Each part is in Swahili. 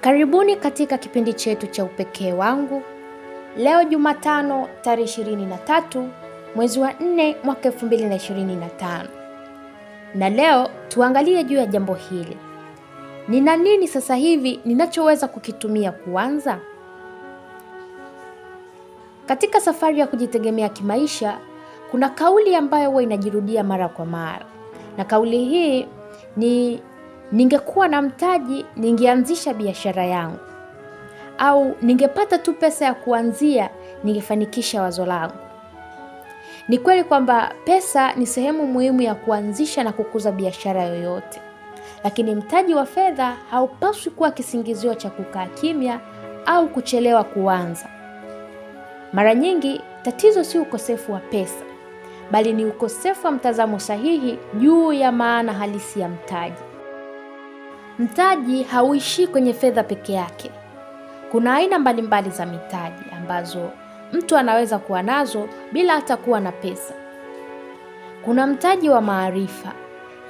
Karibuni katika kipindi chetu cha Upekee wangu. Leo Jumatano tarehe 23 mwezi wa 4 mwaka 2025. Na leo tuangalie juu ya jambo hili. Nina nini sasa hivi ninachoweza kukitumia kuanza? Katika safari ya kujitegemea kimaisha, kuna kauli ambayo huwa inajirudia mara kwa mara. Na kauli hii ni ningekuwa na mtaji ningeanzisha biashara yangu, au ningepata tu pesa ya kuanzia ningefanikisha wazo langu. Ni kweli kwamba pesa ni sehemu muhimu ya kuanzisha na kukuza biashara yoyote, lakini mtaji wa fedha haupaswi kuwa kisingizio cha kukaa kimya au kuchelewa kuanza. Mara nyingi tatizo si ukosefu wa pesa, bali ni ukosefu wa mtazamo sahihi juu ya maana halisi ya mtaji. Mtaji hauishii kwenye fedha peke yake. Kuna aina mbalimbali za mitaji ambazo mtu anaweza kuwa nazo bila hata kuwa na pesa. Kuna mtaji wa maarifa,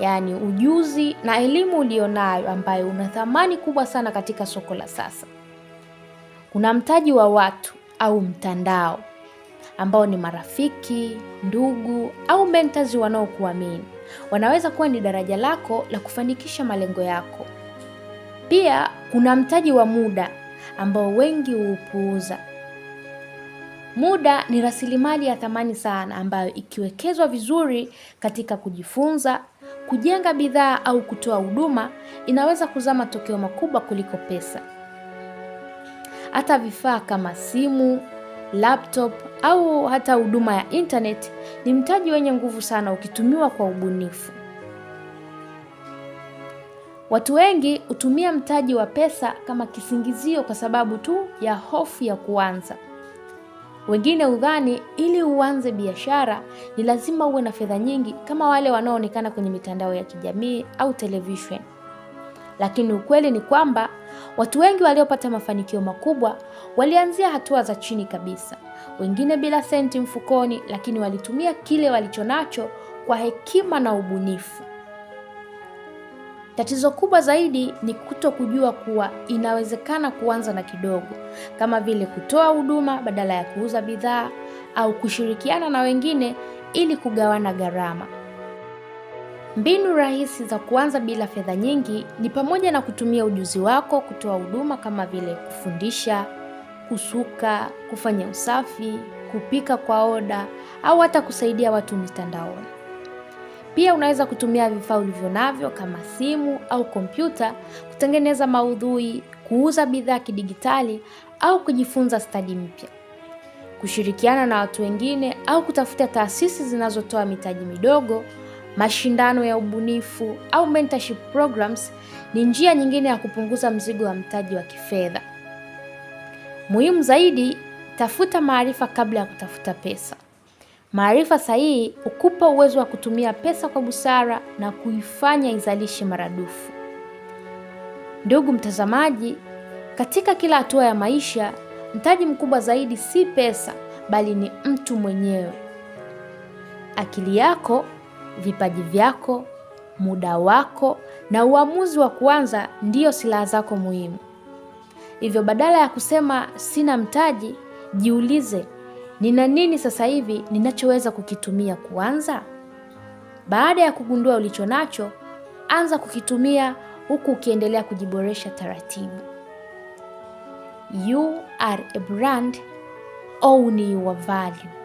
yaani ujuzi na elimu ulionayo ambayo una thamani kubwa sana katika soko la sasa. Kuna mtaji wa watu au mtandao ambao ni marafiki, ndugu au mentazi wanaokuamini. Wanaweza kuwa ni daraja lako la kufanikisha malengo yako. Pia kuna mtaji wa muda ambao wengi huupuuza. Muda ni rasilimali ya thamani sana ambayo ikiwekezwa vizuri katika kujifunza, kujenga bidhaa au kutoa huduma inaweza kuzaa matokeo makubwa kuliko pesa. Hata vifaa kama simu, laptop au hata huduma ya intaneti ni mtaji wenye nguvu sana ukitumiwa kwa ubunifu. Watu wengi hutumia mtaji wa pesa kama kisingizio kwa sababu tu ya hofu ya kuanza. Wengine udhani ili uanze biashara ni lazima uwe na fedha nyingi kama wale wanaoonekana kwenye mitandao ya kijamii au television. Lakini ukweli ni kwamba watu wengi waliopata mafanikio makubwa walianzia hatua za chini kabisa. Wengine bila senti mfukoni, lakini walitumia kile walichonacho kwa hekima na ubunifu. Tatizo kubwa zaidi ni kuto kujua kuwa inawezekana kuanza na kidogo, kama vile kutoa huduma badala ya kuuza bidhaa au kushirikiana na wengine ili kugawana gharama. Mbinu rahisi za kuanza bila fedha nyingi ni pamoja na kutumia ujuzi wako kutoa huduma kama vile kufundisha, kusuka, kufanya usafi, kupika kwa oda au hata kusaidia watu mitandaoni. Pia unaweza kutumia vifaa ulivyo navyo kama simu au kompyuta kutengeneza maudhui, kuuza bidhaa kidigitali au kujifunza stadi mpya. Kushirikiana na watu wengine au kutafuta taasisi zinazotoa mitaji midogo, mashindano ya ubunifu au mentorship programs ni njia nyingine ya kupunguza mzigo wa mtaji wa kifedha. Muhimu zaidi, tafuta maarifa kabla ya kutafuta pesa. Maarifa sahihi hukupa uwezo wa kutumia pesa kwa busara na kuifanya izalishe maradufu. Ndugu mtazamaji, katika kila hatua ya maisha, mtaji mkubwa zaidi si pesa, bali ni mtu mwenyewe. Akili yako, vipaji vyako, muda wako na uamuzi wa kuanza ndiyo silaha zako muhimu. Hivyo, badala ya kusema sina mtaji, jiulize nina nini sasa hivi ninachoweza kukitumia kuanza? Baada ya kugundua ulicho nacho, anza kukitumia huku ukiendelea kujiboresha taratibu. You are a brand, own your value.